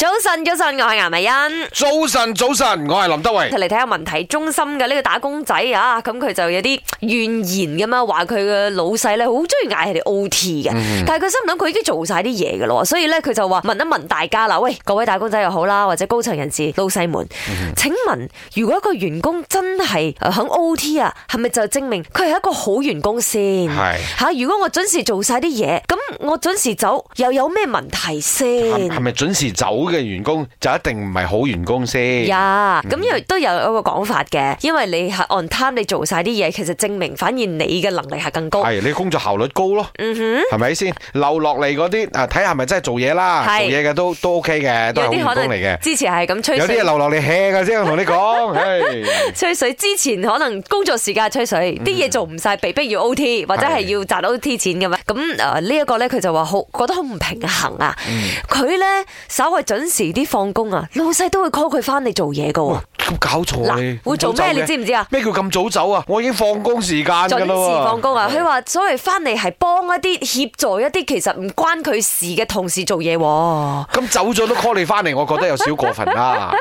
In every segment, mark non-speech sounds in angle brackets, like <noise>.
早晨，早晨，我係顏美欣。早晨，早晨，我係林德偉。我哋嚟睇下問題中心嘅呢個打工仔啊，咁佢就有啲怨言，咁樣話佢嘅老細咧好中意嗌佢哋 O T 嘅，嗯、哼但係佢心諗佢已經做晒啲嘢噶咯，所以咧佢就話問一問大家啦，喂，各位打工仔又好啦，或者高層人士老細們，請問如果一個員工真係響 O T 啊，係咪就證明佢係一個好員工先？係吓是、啊，如果我準時做晒啲嘢，咁我準時走又有咩問題先？係咪準時走嘅員工就一定唔係好員工先？呀 Yeah,、嗯，咁，因為都有一個講法嘅，因為你 On time 你做晒啲嘢，其實證明反而你嘅能力係更高。係你工作效率高咯，嗯，係咪先留落嚟嗰啲啊？睇下係咪真係做嘢啦，是做嘢嘅都都 O K 嘅，都係好員工嚟嘅。之前係咁吹水，有啲嘢留落嚟輕噶先，我同你講，吹水。之前可能工作時間吹水，啲嘢、嗯、做唔晒，被逼要 OT 或者係要賺到 OT 錢咁樣，咁誒呢一個咧，佢就話好覺得好唔平衡啊！佢咧、嗯、稍為準時啲放工啊，老細都會 call 佢翻嚟做嘢噶。咁搞錯、啊，會做咩？你知唔知啊？咩叫咁早走啊？我已經放工時間噶，咁準時放工啊？佢話 <laughs> 所謂翻嚟係幫一啲協助一啲，其實唔關佢事嘅同事做嘢、啊。咁 <laughs> 走咗都 call 你翻嚟，我覺得有少過分啦。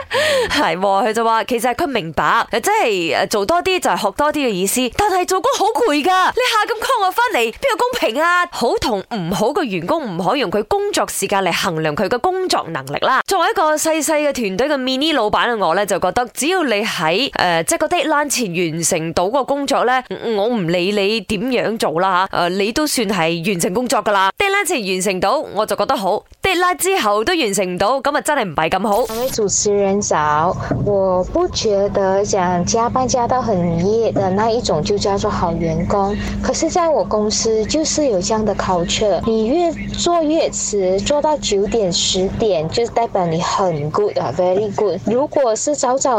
係，佢就話其實係佢明白，即係做多啲就係學多啲嘅意思，但係做工好攰噶，你下咁 call 我翻嚟，邊個公平啊？好同唔好嘅員工唔可以用佢工作時間嚟衡量佢嘅工作能力啦。作為一個細細嘅團隊嘅 mini 老闆嘅我呢就覺得。只要你喺誒，呃、即 l i n e 前完成到個工作咧，我唔理你點樣做啦吓，誒、呃、你都算係完成工作噶啦。deadline 前完成到，我就覺得好；n e 之後都完成唔到，咁啊真係唔係咁好。我位主持人早，我不覺得講加班加到很夜的那一種就叫做好員工。可是在我公司就是有這樣的考 e 你越做越遲，做到九點十點，就代表你很 good 啊，very good。如果是早早。